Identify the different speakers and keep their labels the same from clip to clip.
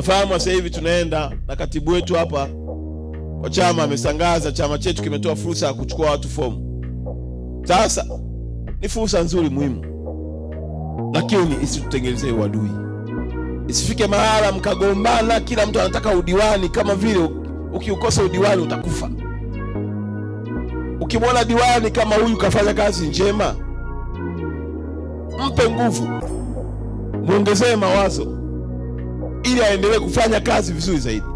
Speaker 1: nafahamu sasa hivi tunaenda na katibu wetu hapa wa chama amesangaza chama chetu kimetoa fursa ya kuchukua watu fomu sasa ni fursa nzuri muhimu lakini isitutengenezee uadui isifike mahala mkagombana kila mtu anataka udiwani kama vile ukiukosa udiwani utakufa ukimwona diwani kama huyu kafanya kazi njema mpe nguvu mwongezee mawazo ili aendelee kufanya kazi vizuri zaidi.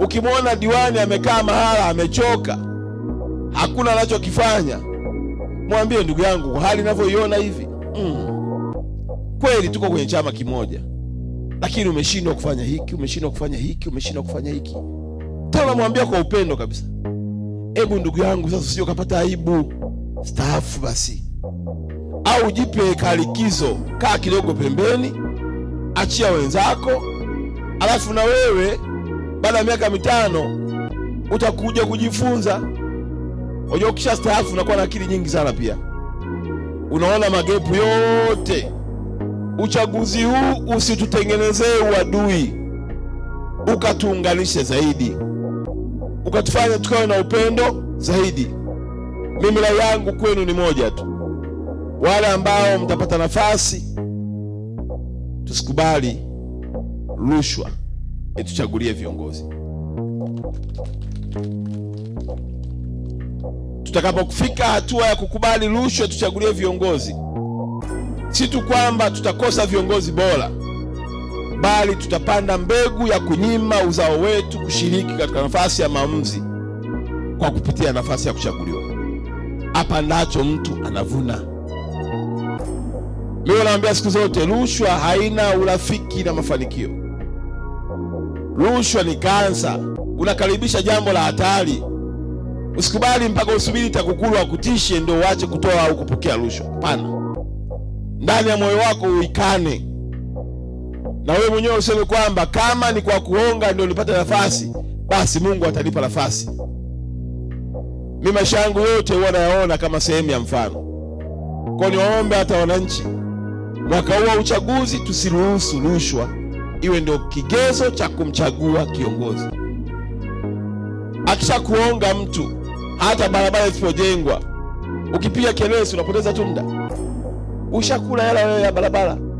Speaker 1: Ukimwona diwani amekaa mahala amechoka, hakuna anachokifanya, mwambie ndugu yangu, kwa hali ninavyoiona hivi mm, kweli tuko kwenye chama kimoja, lakini umeshindwa kufanya hiki, umeshindwa kufanya hiki, umeshindwa kufanya hiki. Tena namwambia kwa upendo kabisa, hebu ndugu yangu, sasa usije ukapata aibu, staafu basi au jipe kalikizo, kaa kidogo pembeni, achia wenzako alafu na wewe baada ya miaka mitano utakuja kujifunza. Unajua, ukisha staafu unakuwa na akili nyingi sana pia, unaona magepu yote. Uchaguzi huu usitutengenezee uadui, ukatuunganishe zaidi, ukatufanya tukawe na upendo zaidi. Mimi rai yangu kwenu ni moja tu, wale ambao mtapata nafasi tusikubali rushwa ituchagulie viongozi. Tutakapofika hatua ya kukubali rushwa tuchagulie viongozi, si tu kwamba tutakosa viongozi bora, bali tutapanda mbegu ya kunyima uzao wetu kushiriki katika nafasi ya maamuzi kwa kupitia nafasi ya kuchaguliwa. ndacho mtu anavuna. Mimi naambia siku zote, rushwa haina urafiki na mafanikio. Rushwa ni kansa, unakaribisha jambo la hatari. Usikubali mpaka usubiri TAKUKURU akutishe ndio uache kutoa au kupokea rushwa. Hapana, ndani ya moyo wako uikane, na wewe mwenyewe useme kwamba kama ni kwa kuonga ndio nipate nafasi, basi Mungu atanipa nafasi. Mimi maisha yangu yote huwa nayaona kama sehemu ya mfano. Kwa niwaombe hata wananchi, mwaka huu wa uchaguzi tusiruhusu rushwa iwe ndio kigezo cha kumchagua kiongozi. Akishakuonga mtu, hata barabara isipojengwa ukipiga kelele, unapoteza tu muda, ushakula yala ya barabara.